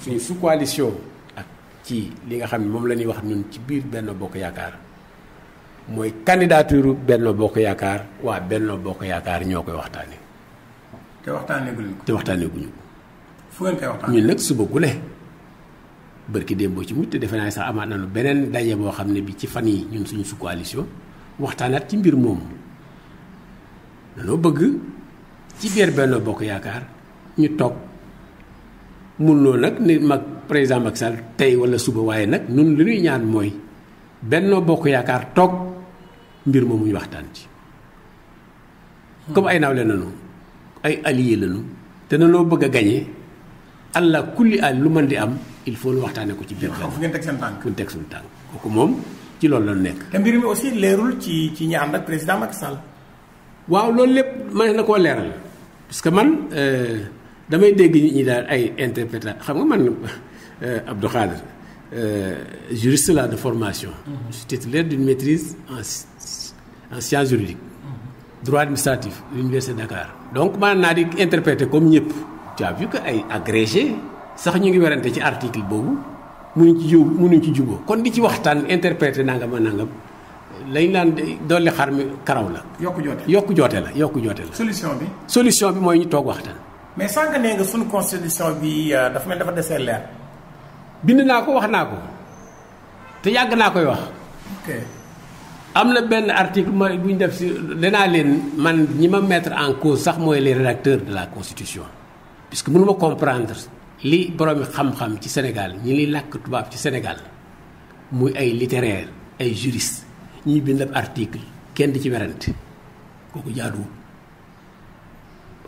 suñu su coalition ak ci li nga xam ne moom la ñuy wax ñun ci biir Benno Bokk Yaakaar mooy candidature Benno ko Yaakaar waa Benno ko Yaakaar ñoo koy waxtaanee. te waxtaanee te waxtaanee guñu ko. ñun nag suba gu bërki démboo ci mujj te defe naa sax amaat nañu beneen daje boo xam ne bi ci fan yi ñun suñu su coalition waxtaanaat ci mbir moomu danoo bëgg ci biir Benno Bokk Yaakaar ñu toog munuloo nag ni mag président Macky Sall tey wala suba waaye nag nun li ñuy ñaan mooy Benno Bokk Yaakaar toog mbir moomu ñu waxtaan ci comme ay nawle nanu ay alliés lanu te nanoo bëgg a gañe allah kulli al lu mën di am il faut ñu waxtaanee ko ci biir gan. fu ngeen teg seen tànk fu ñu teg suñu tànk kooku moom ci loolu la nekk. te mbir mi aussi leerul ci ci ñi ànd ak président Macky Sall. waaw loolu lépp mën na koo leeral parce que man euh, damay dégg nit ñi daal ay interprétation xam nga man euh, Abdou Khader euh, juriste la de formation. Mhm. je suis titulaire d'une maîtrise en en sciences juridiques. Mhm. droit administratif l'université Dakar. donc maanaam naa di interpréter comme ñëpp. tu as vu que ay agrégé. sax ñu ngi werante ci article boobu mu ci jub mënuñ ci juboo kon di ci waxtaan interprété nangam a nangam lañ naan dolli xar mi karaw la. yokku joote yokku la yokku joote la. solution bi. solution bi mooy ñu toog waxtaan. mais sànq nee nga suñu constitution bi euh, dafa mel dafa desee leer. bind naa ko wax naa ko te yàgg naa koy wax. am na benn article ma bu ñu def si danaa leen man ñi ma mettre en cause sax mooy les rédacteurs de la constitution. puisque mënu ma comprendre. li boroomi xam-xam ci Sénégal ñi li làkk tubaab ci Sénégal muy ay littéraire ay juris ñuy bind ab article kenn di ci werante kooku jaaduwul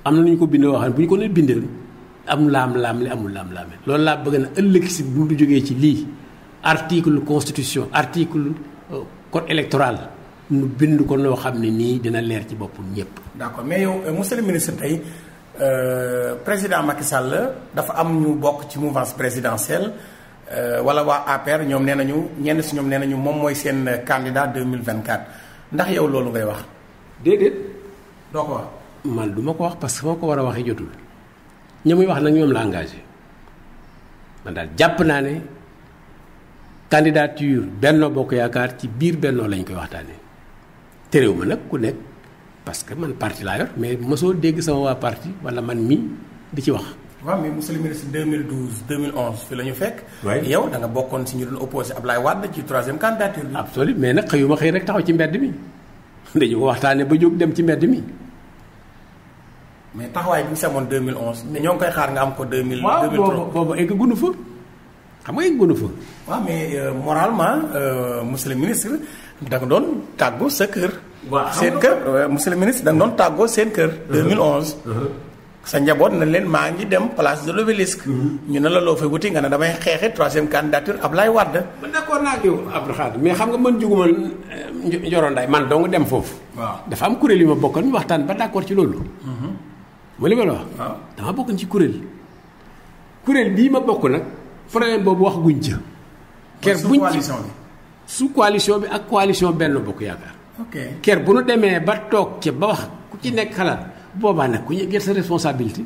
am na lu ñu ko bindee waxam bu ñu ko ne bindee am laam-laam li amul laam-laam li loolu laa bëgg na ëllëg si bu ñu jógee ci lii article constitution article euh, code électoral nu bind ko noo xam ne nii dina leer ci bopp ñëpp. d'accord mais yow euh, ministre tey. Euh, président Macky Sall dafa am ñu bokk ci mouvance présidentielle euh, wala waa APR ñoom nee nañu ñenn si ñoom nee nañu moom mooy seen candidat 2024 ndax yow loolu ngay wax. déedéet. doo ko wax. man duma ko wax parce que moo ko war a waxee jotul ña muy wax nag ñoom la engagé man daal jàpp naa ne candidature Benno Bokk Yaakaar ci biir Benno lañ koy waxtaanee terewuma nag ku nekk. parce que man parti laa yor mais mosoo dégg sama waa parti wala man mii di ci wax. waaw mais monsieur le ministre 2012 2011 fi la ñu fekk. nga bokkoon si ñu doon opposé Ablaye Wade ci troisième candidature bi. absolument mais nag xëyuma ci mbedd mi [LAUGHS] dañu ko waxtaanee ba jóg dem ci mbedd mi. mais taxawaay bi ñu samoon 2011 mais ñoo ngi koy xaar nga am ko. 2000 waaw boobu boobu egg gunu xam nga egg gunu fa. waaw mais euh, moralement euh, monsieur le ministre da nga doon tàggu sa kër. waaw seen kër euh, monsieur le ministre da nga doon uh-huh. tàggoo seen kër. 2011. Uh-huh. Uh-huh. sa njaboot na leen maa ngi dem place de l'Obélisque. ñu ne la loo fay wuti nga ne damay xeexi troisième candidature Ablaye Wade. man d'accord naa ak yow Abdou Khadre mais xam nga man juguma euh, Njorondaay man dong dem foofu. waaw dafa am kuréel yu ma bokkoon ñu waxtaan ba d'accord ci loolu. ma li ma la wax. waaw dama bokkoon ci kuréel. kuréel bii ma bokk nag problème boobu wax guñ ca. ker buñ ci su coalition bi ak coalition benn bokk yaakaar. ok kër bu nu demee ba toog ci ba wax ku ci nekk xalaat boobaa nag ku ñu jël sa responsabilité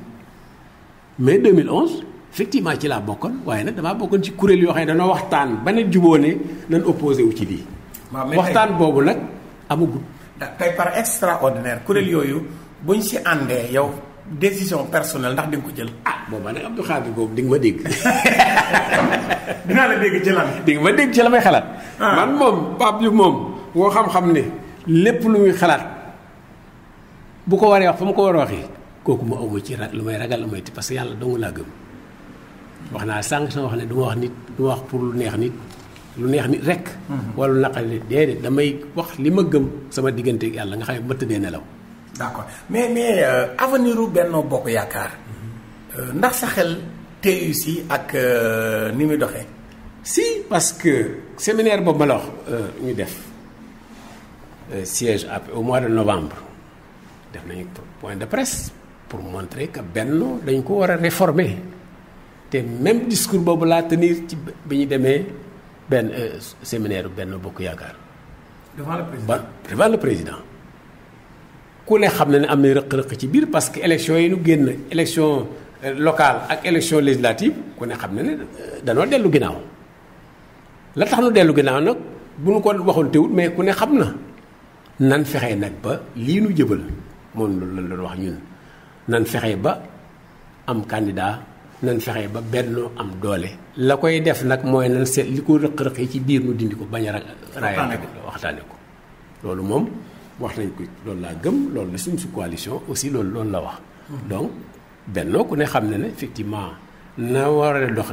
mais 2011 effectivement ci laa bokkoon waaye nag damaa bokkoon ci kuréel yoo xam ne dañoo waxtaan ba ne juboo ne nañ wu ci lii. waxtaan boobu nag amagul. tey par extraordinaire kuréel yooyu buñ si àndee yow décision personnelle ndax di nga ko jël. ah booba nag Abdou Khadir boobu di nga ma dégg. [LAUGHS] dinaa la dégg ci lan. di nga ma dégg ci la may xalaat. Ah. man moom Pape Diouf moom. woo xam-xam ne lépp lu muy xalaat bu ko waree wax fa mu ko war a waxee kooku mu awma ci lu may ragal lu may ti parce que yàlla dong laa gëm wax naa sànq sama wax ne du ma wax nit du ma wax pour lu neex nit lu neex nit rek. Mhm. wala lu naqari nit déedéet damay wax li ma gëm sama diggante ak yàlla nga xam ne bu ma tëddee nelaw. d'accord mais mais euh, avenir u Benno Bokk Yaakaar euh, ndax sa xel teyu si ak euh, ni muy doxee. si parce que séminaire boobu ma la wax ñu def. Eh, siège au mois de novembre def nañu point de presse pour montrer que Benno dañ ko war a réformer te même discours boobu laa tenir ci bi ñu demee benn euh, séminaire Benno Bokk Yaakaar. devant le président ba président ku ne xam ne ne am na rëq-rëq ci biir parce que élection yi ñu génn élection euh, locale ak élection législative ku ne xam na ne euh, danoo dellu ginnaaw la tax nu dellu ginnaaw nag bu nu ko waxoon teewul mais ku ne xam na. nan fexee nag ba lii nu jëbal moom loolu la doon wax ñun nan fexee ba am candidat nan fexe ba bennoo am doole. la koy def nag mooy nan seet li ko rëq-rëq yi ci biir nu dindi ko bañ a raayante ko waxtaane ko loolu moom wax nañ ko loolu laa gëm loolu la suñ su coalition aussi loolu loolu la wax. Mm-hmm. donc bennoo ko ne xam ne ne effectivement na war a dox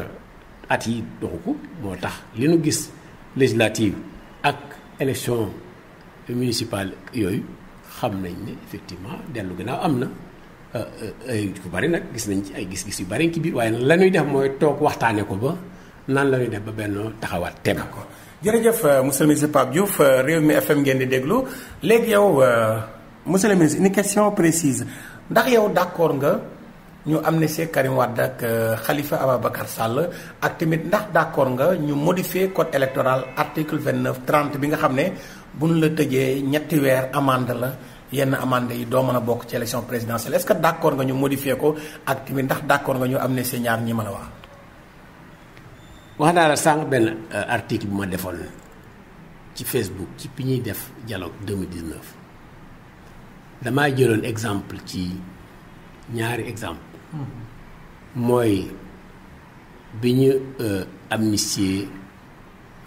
at yi doxu ko moo tax li nu gis législative ak élection. municipal yooyu xam nañ ni effectivement dellu gannaaw am na euh, euh, ay bari nag gis nañ ci ay gis-gis yu bari ci biir waaye nag la ñuy def mooy toog waxtaane ko ba nan la ñuy def ba benn taxawaat tem ko jërëjëf euh, monsieur le ministre Pape Diouf réew mi FM ngeen di déglu léegi yow monsieur le ministre une question précise ndax yow d'accord nga ñu amnistie Karim Wade ak euh, Khalifa Ababacar Sall ak tamit ndax d'accord nga ñu modifier code électoral article vingt trente bi nga xam ne bu buñ la tëjee ñetti weer amande la yenn amande yi doo mën a bokk ci élection présidentielle est-ce que d'accord nga ñu modifier ko ak tamit ndax d'accord nga ñu amnistie ñaar ñi ma la wax. wax naa la sànq benn euh, article bu ma defoon ci Facebook ci bi ñuy def dialogue 2019 damaa jëloon exemple ci ñaari exemple mooy bi ñu am euh, amnistier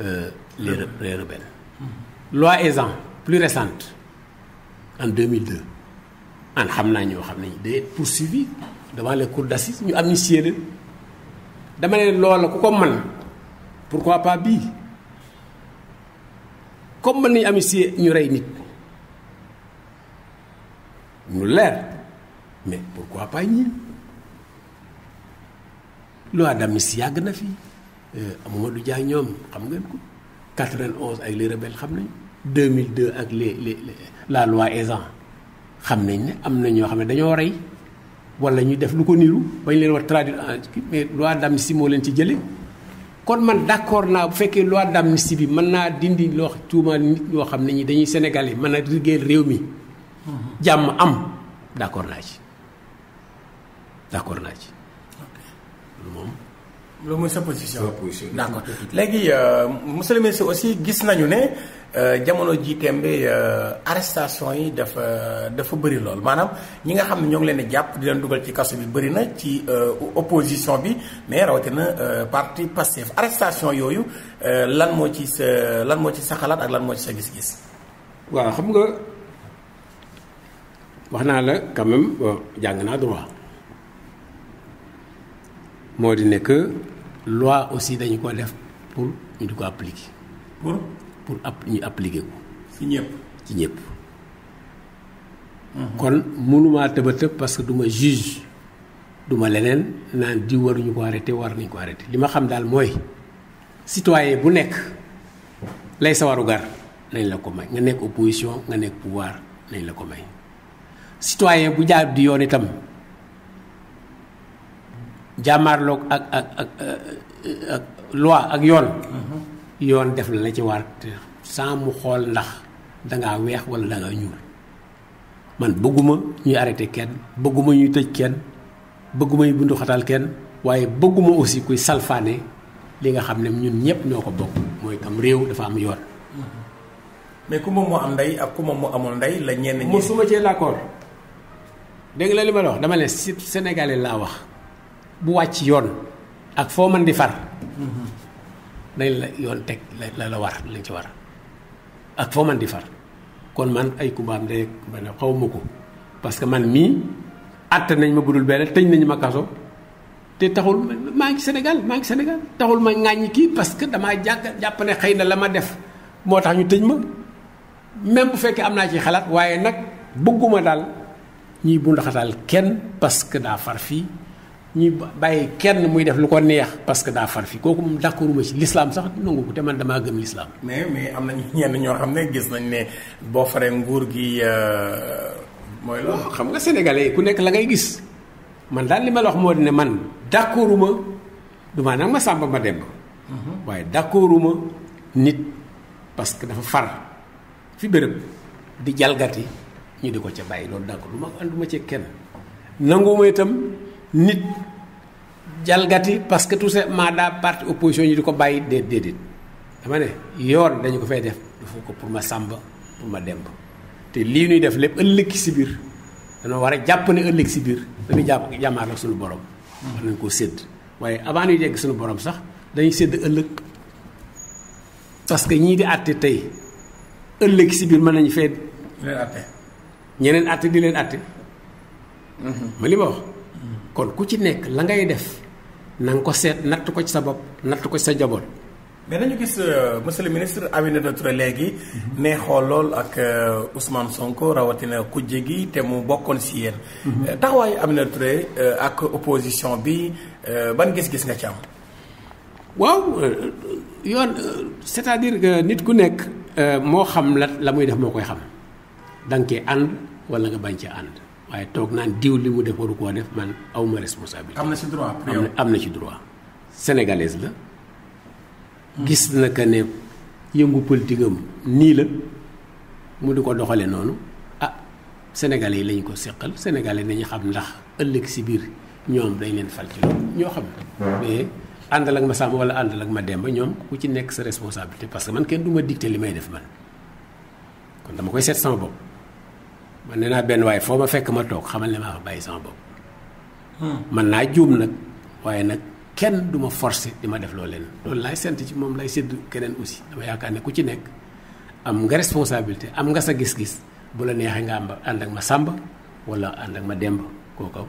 euh, les les rebelles. loi Ezzan plus récente en 2002 an xam naa ñoo xam ne nañu day poursuivi devant les cours d'assises ñu amnistier leen dama ne loola ku ko man pourquoi pas bii comme mën nañu amnistier ñu rey nit ñu leer mais pourquoi pas ñii. loi d'amnistie yàgg na fi lu euh, Dia ñoom xam ngeen ko 91 ak les rebelles xam nañu 2002 ak les les la loi Ezzan xam nañ ne am na ñoo xam ne dañoo rey wala ñu def lu ko niru bañ leen war traduire en mais loi si moo leen ci jële kon man d'accord naa bu fekkee loi d'amnistie bi mën naa dindi loo tuumaal nit yoo xam ne ñi dañuy sénégalais mën a liggéeyal réew mi mm-hmm. jàmm am d'accord naa ci d'accord naa ci moom. loolu mooy sa position sa position. d' accord léegi euh, monsieur le aussi gis nañu ne euh, jamono ji tembe euh, arrestation yi dafa dafa bëri lool maanaam ñi nga xam ne ñoo ngi leen di jàpp di leen dugal ci kaso bi bëri na ci opposition bi mais rawatina parti Pastef arrestation yooyu lan moo ci sa lan moo ci sa xalaat ak lan moo ci sa gis-gis. waaw xam nga wax naa la quand jàng naa droit. moo di ne que loi aussi dañu ko def pour ñu di ko appliquer. pour pour app ñu appliquer ko. ci ñëpp ci ñëpp. kon mënumaa tëba tëb parce que du ma juge duma leneen naan di waruñu ko arrêté war nañu ko arrêté li ma xam daal mooy citoyen bu nekk lay sa waru la ko may nga nekk opposition nga nekk pouvoir nañ la ko may citoyen bu jaar di yoon itam. jàmmaarloog ak ak ak euh, yoon. Mm-hmm. yoon def la la ci war sans mu xool ndax dangaa weex wala dangaa ñuul man bëgguma ñuy arrêté kenn bëgguma ñuy tëj kenn bëgguma ñuy bundu xatal kenn waaye bëgguma aussi kuy salfaane li nga xam ne ñun ñëpp ñoo ko bokk mooy kam réew dafa am yoon. Mm-hmm. mais ku moom moo am ndey ak ku moom mu amul ndey la ñenn ñi. mosuma cee d'accord dégg nga li ma la wax dama ne si Sénégalais laa wax. bu wàcc yoon ak foo man di far dañ la yoon teg la la war lañ ci wara ak foo man di far kon man ay kumbaam de ma ne xaw ma ko parce que man mii àtte nañ ma budul benn tëñ nañu ma kaso te taxul maa ngi Sénégal maa ngi Sénégal taxul ma ŋàññi kii parce que damaa jàkk jàpp xëy na la ma def moo tax ñu tëñ ma même bu fekkee am naa ci xalaat waaye nag bëgguma daal bu bundaxatal kenn parce que daa far fii ñuy bàyyi kenn muy def lu ko neex parce que daa far fi kooku moom d'accord ma ci l'islam sax nangu ko te man damaa gëm l'islam mais mais am nañu ñenn ñoo xam ne gis nañ ne boo faree nguur gi euh, mooy loolu xam nga sénégalais ku nekk la ngay gis man daal li ma la wax moo di ne man d'accord ma du ma sàmba ma dem waaye d'accord ma nit parce que dafa far fi bërëb di jalgati ñu di ko ca bàyyi loolu d'accord du ma ànduma ci kenn nangu ma itam nit jalgati parce que tout simplement daa parti opposition yi di ko bàyyi déet déedéet dama ne yoon dañu ko fay def dafa ko pour ma sàmba pour ma demb te lii ñuy def lépp ëllëg si biir dañoo war a jàpp ne ëllëg si biir dañuy jàpp jàmmaar suñu borom war nañ koo sédd waaye avant ni yegg suñu borom sax dañuy sédd ëllëg parce que ñii di àtte tey ëllëg si biir mën nañu fee ñeneen àtte di leen àtte mm-hmm. ma li wax kon ku ci nekk la ngay def na nga ko seet natt ko ci sa bopp natt ko ci sa jaboot mais ñu gis euh, monsieur le ministre Aminata Touré léegi. Mhm. ne xool lool ak euh, Ousmane Sonko rawatina kujje gi te mu bokkoon si yéen. Mhm. Euh, taxawaayu Aminata Touré ak opposition bi ban gis-gis nga ci am. waaw yoon cest à nit ku nekk moo xam la la muy def moo koy xam da nga ànd wala nga bañ cee ànd. waaye toog naan diw li mu def waru koo def man aw ma responsabilité. am na ci droit am na ci droit. sénégalaise la. gis na que ne yëngu politique am nii la mu di ko doxalee noonu ah sénégalais yi lañ ko seqal sénégalais nañu xam ndax ëllëg si biir ñoom dañ leen fal ci loolu ñoo xam. mais àndal ma sàmm wala àndal ak ma demba ñoom ku ci nekk sa responsabilité parce que man kenn du ma dicté li may def man kon dama koy seet sama bopp. man nee naa benn waaye foo ma fekk ma toog xamal ne maa fa bàyyi sama bopp. Hmm. man naa juub nag waaye nag kenn du ma forcer di ma def loo leen. loolu laay sant ci moom lay séddu keneen aussi dama yaakaar ne ku ci nekk am nga responsabilité am nga sa gis-gis bu la neexee nga am ànd ak ma sàmba wala ànd ak ma demb kooka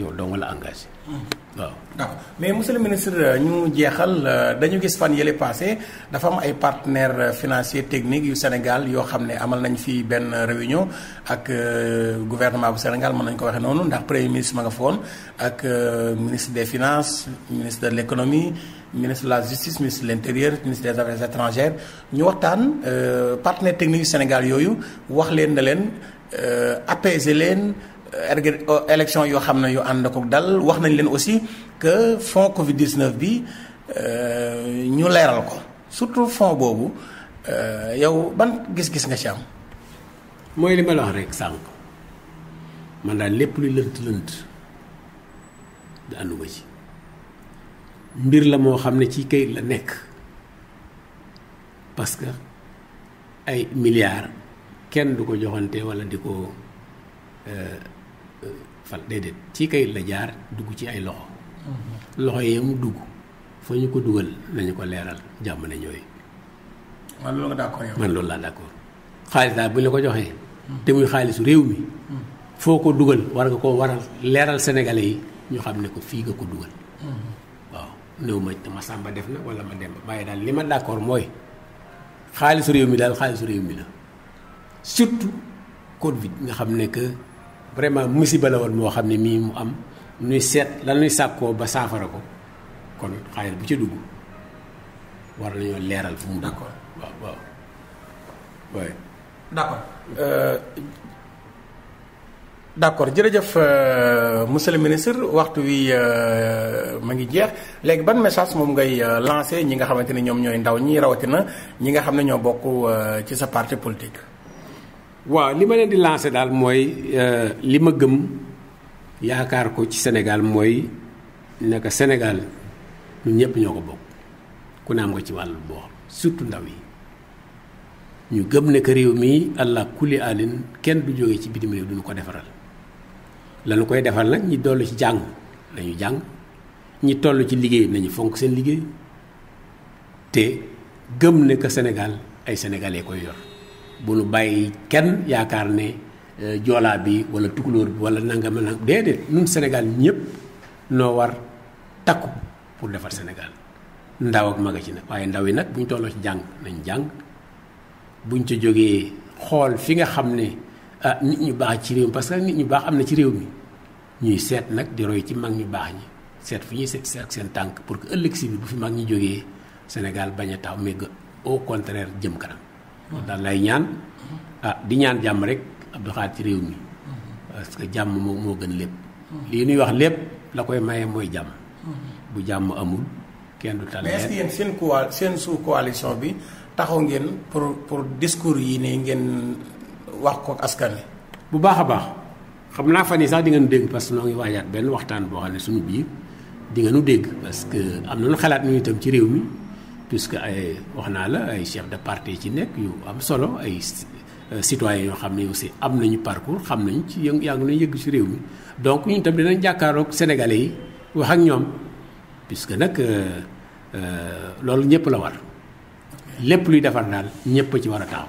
yow dong la engagé. Hmm. waaw d'accord mais monsieur le ministre ñu jeexal dañu gis fan yële passé dafa am ay partenaires financier techniques yu Sénégal yoo xam ne amal nañu fi benn réunion ak euh, gouvernement bu Sénégal mën nañ ko waxee noonu ndax premier ministre ma nga foon ak euh, ministre de finance ministre de l'économie ministre de la justice ministre de l'intérieur ministre des affaires étrangères ñu waxtaan euh, partenaires techniques yu Sénégal yooyu wax leen na leen apaiser leen. Euh, élection yoo xam ne yu ànd ko dal wax nañ leen aussi que fonds Covid 19 bi euh, ñu leeral ko surtout fonds boobu euh, yow ban gis-gis nga ci am. mooy li ma wax rek sànq man daal lépp luy lënt-lënt ci mbir la moo xam ne ci kayit la nekk parce que ay milliards kenn du ko joxante walla di ko. fal déedéet ci kayit la jaar dugg ci ay loxo loxo yee mu dugg foo ñu ko dugal nañu ko leeral jàmm ne ñooy man loolu nga d'accord yow man loolu laa d'accord xaalis daal bu la ko joxee te muy xaalisu réew mi foo ko dugal war nga koo waral leeral sénégalais yi ñu xam ne ko fii ko dugal waaw néew ma ma sàmba def na wala ma dem waaye daal li ma d'accord mooy xaalisu réew mi daal xaalisu réew mi la surtout Covid bi nga xam ne vraiment musiba la woon moo xam ne mii mu am nuy seet lan nuy sàkkoo ba saafara ko kon xaalis bu ci dugg war nañoo leeral fu mu. d'accord waaw waaw waaye. d'accord euh, d'accord euh, monsieur le ministre waxtu wi euh, ma ngi jeex léegi ban message moom ngay lancé ñi nga xamante ni ñoom ñooy ndaw ñi rawatina ñi nga xam ne ñoo bokk ci sa parti politique. waaw li ma leen di lancé daal mooy euh, li ma gëm yaakaar ko ci senegal mooy naka senegal ñun ñëpp ñoo ko bokk ku ne am nga ci wàll boor surtout ndaw yi ñu gëm ne que réew mi allah kulli alin kenn du jóge ci bitim réew duñu ko defaral lañu koy defar nag ñi dollu ci jàng nañu jàng ñi toll ci liggéey nañu fonk seen liggéey te gëm ne que ay sénégalais koy yor. bu nu bàyyi kenn yaakaar ne euh, joolaa bi wala tukulóor bi wala nangam nag déedéet ñun Sénégal ñëpp noo war takku pour defar Sénégal ndaw ak maga ci waaye ndaw yi nag bu tolloo ci jàng nañ jàng buñ ca jógee xool fi nga xam ne ah nit ñu baax ci réew mi parce que nit ñu baax am na ci réew mi ñuy seet nag di roy ci mag ñu baax ñi seet fu ñuy seet seen tànk pour que ëllëg si bi bu fi mag ñi jógee Sénégal bañ a taxaw mais au contraire jëm kanam. moo daal lay ñaan ah di ñaan jàmm rek Abdou Khadre ci réew mi parce que jàmm moo moo gën lépp lii nuy wax lépp la koy maye mooy jàmm bu jàmm amul kenn du tal mais est-ce seen coa seen sous coalition bi taxaw ngeen pour pour discours yi ne ngeen wax ko askan wi bu baax a baax xam naa fan yi sax di ngeen dégg parce que noo ngi waajaat benn waxtaan boo xam ne suñu biir di ngeen nu dégg parce que am na nu xalaat nu itam ci réew mi que ay wax naa la ay chef de parti ci nekk yu am solo ay euh, citoyen yoo xam ne aussi am na ñu parcours xam nañu ci yëngu yaa ngi yëgg ci réew mi donc ñu tam dinañ jàkkaaroog sénégalais yi wax ak ñoom que nag euh, euh, loolu ñëpp la war lépp luy defar daal ñëpp ci war a taaw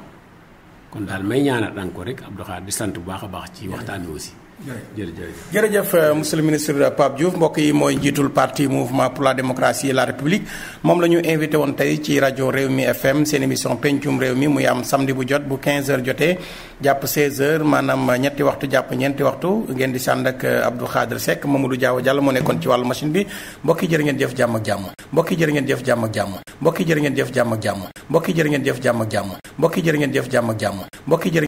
kon daal may ñaanal ko rek Abdou Khadre di sant bu baax a baax ci waxtaan wi aussi jërëjëf jërëjëf euh, monsieur le ministre Pape Diouf mbokk yi mooy njiitul parti mouvement pour la démocratie et la république moom la ñu invité woon tey ci rajo réew mi FM seen émission pencum réew mi muy am samedi bu jot bu 15h jotee jàpp 16h maanaam ñetti waxtu jàpp ñeenti waxtu ngeen di sànd ak euh, Abdou Khadre Seck Mamadou Diaw Diallo moo nekkoon ci wàllu machine bi mbokk yi ngeen jëf jàmm ak jàmm. mbokk yi ngeen jëf jàmm ak jàmm. mbokk yi ngeen jëf jàmm ak jàmm. mbokk ngeen jëf jàmm ak jàmm. mbokk yi jërë ngeen jëf jàmm ak